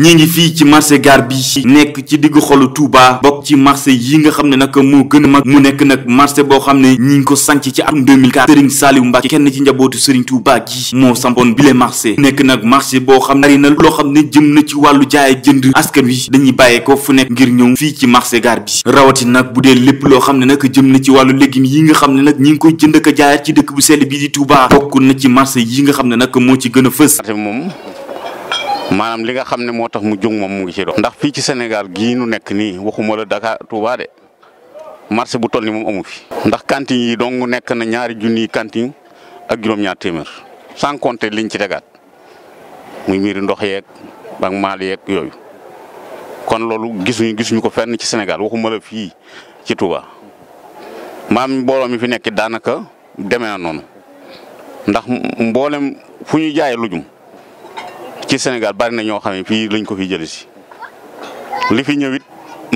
ñii ngi fii ci marché gaar bi nekk ci diggu xolu Touba bokk ci marché yi nga xam ne nag moo gën mag mu nekk nag marché boo xam ne ñi ngi ko sanc ci atum 2004 Serigne Saliou Mbacke kenn ci njabootu Serigne Touba gi moo sampoon bile marché nekk nag marché boo xam ne bari na loo xam ne jëm na ci wàllu jaay jënd askan wi dañuy bàyyee fu nekk ngir ñëw fii ci marché gaar bi rawati nag bu dee lépp loo xam ne nag jëm na ci wàllu légumes yi nga xam ne nag ñi ngi koy jënd ak jaayaat ci dëkk bu sell bii di Touba bokk na ci marché yi nga xam ne nag moo ci gën a fës maanaam li nga xam ne moo tax mu jóg moom mu ngi doo dox. ndax fii ci Sénégal gii nu nekk nii waxumala la Dakar de marché bu toll ni moom amu fi. ndax cantine yi dong nekk na ñaari junniy cantine ak juróom-ñaar téeméer sans compter liñ ci tegaat muy miiri ndox yeeg ak maal yeeg yooyu kon loolu gisuñu gisuñu ko fenn ci Sénégal waxuma la fii ci Touba maam mbooloo mi fi nekk daanaka demee noonu ndax mboolem fu ñuy jaayee lujum. ci Sénégal bari na ñoo xam ne fii lañ ko fi jëlee si li fi ñëwit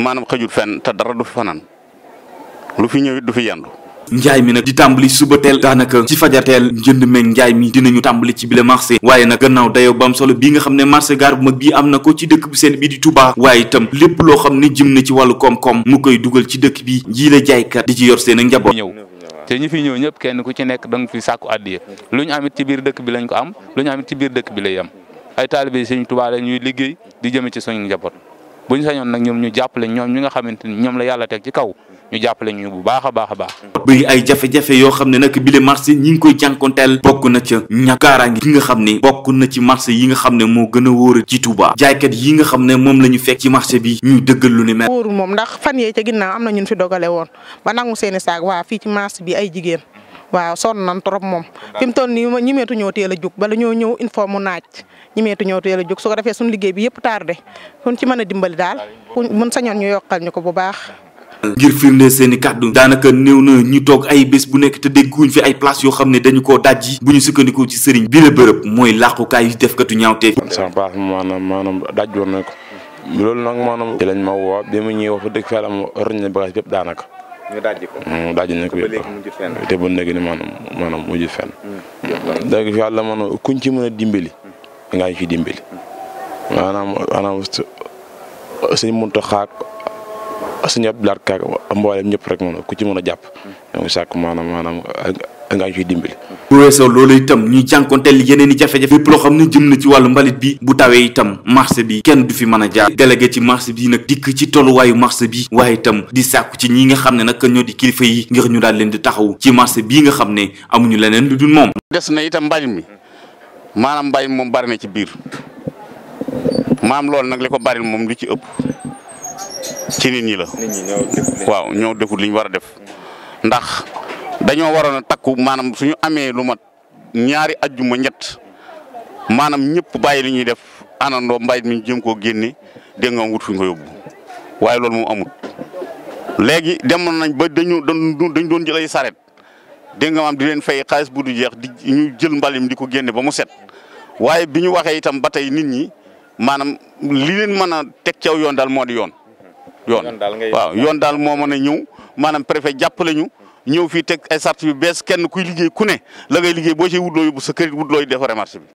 maanaam xëjul fenn te dara du fi fanaan lu fi ñëwit du fi yandu njaay mi nag di tàmbali suba teel daanaka ci fajarteel njënd meeg njaay mi ñu tàmbali ci bile marché waaye nag gannaaw dayoo ba am solo bi nga xam ne marché gaar bu mag bii am na ko ci dëkk bi seen bi di Touba waaye itam lépp loo xam ne jëm na ci wàllu koom-koom mu koy dugal ci dëkk bi jii la jaaykat di ci yor seen ak njaboot ñëw te ñi fi ñëw ñëpp kenn ku ci nekk da nga fi sàkku addiya lu ci biir dëkk bi lañ ko am lu ñu amit ci biir dëkk bi lay am ay taalibe Sëriñ Tuubaa la ñuy liggéey di jëme ci suñu njaboot bu ñu sañoon nag ñoom ñu jàppale ñoom ñi la yàlla teg ci kaw ñu jàppale ñu bu baax a baax a baax. bëri ay jafe-jafe yoo xam ne nag bile marché ñi ngi a bi ñu dëggal lu ni mel. wóorul moom ndax fan yee ca ginnaaw am na ñun fi dogale a jug ñimeetu ñoo teel a jóg su ko defee suñu liggéey bi yëpp taar de ñu ci mën a dimbali daal fu mën sañoon ñu yokkal ñu ko bu baax. ngir firnde seen i kàddu daanaka néew na ñu toog ay bés bu nekk te dégguñ ay place yoo xam ne dañu koo dajji bu ñu sukkandikoo ci sëriñ bi la bërëb mooy làqukaay yu defkatu ñaawteef. sama place maanaam maanaam daj woon na ko loolu nag maanaam. ci lañ ma woo bi ma ñëw wax dëgg fa la ma rëñ na bagage bépp daanaka. ñu dajji ko. Mm, dajji nañ ko yëpp te ba léegi mujj fenn. te ba léegi maanaam maanaam mujj fenn. Mm. kuñ ci mën a dimbali. nga ñu ciy dimbali. maanaam maanaam sëñ Muntaxa ak sëñ Abdou Lahad Ka mboolem ñëpp rek moom ku ci mën a jàpp. donc sàkk maanaam maanaam nga ñu ciy dimbali. bu weesoo loolu itam ñuy jànkonteel yeneen i jafe-jafe xam ne jëm na ci wàllu mbalit bi bu tawee itam marché bi kenn du fi mën a jaar délégué ci marché bi nag dikk ci tolluwaayu marché bi waaye itam di sàkku ci ñi nga xam ne nag ñoo di kilifa yi ñu daal leen di taxaw ci marché bii nga xam ne amuñu leneen lu dul moom. des na itam mbalit mi. maanaam mbay moom bari na ci biir maam loolu nag li ko bari moom li ci ëpp ci nit ñi la. waaw ñoo deful li ñu war a def ndax dañoo waroon a takku maanaam suñu amee lu mat ñaari ajjuma ñett maanaam ñëpp bàyyi li ñuy def anandoo mbay mi jëm koo génne dégg nga wut fu ñu ko yóbbu waaye loolu moom amut léegi demoon nañ ba dañu doon dañ doon jël ay saret dégg nga maam di leen fay xaalis bu du jeex di ñu jël mbalim di ko génne ba mu set waaye bi ñu waxee itam ba tey nit ñi maanaam li leen mën a teg caw yoon daal moo di yoon. yoon waaw yoon daal moo mën a ñëw maanaam préfet jàppale ñu ñëw fii teg ay sart yu bees kenn kuy liggéey ku ne la ngay liggéey boo ciy wut looy yóbbu sa kër it wut looy defaree marché bi.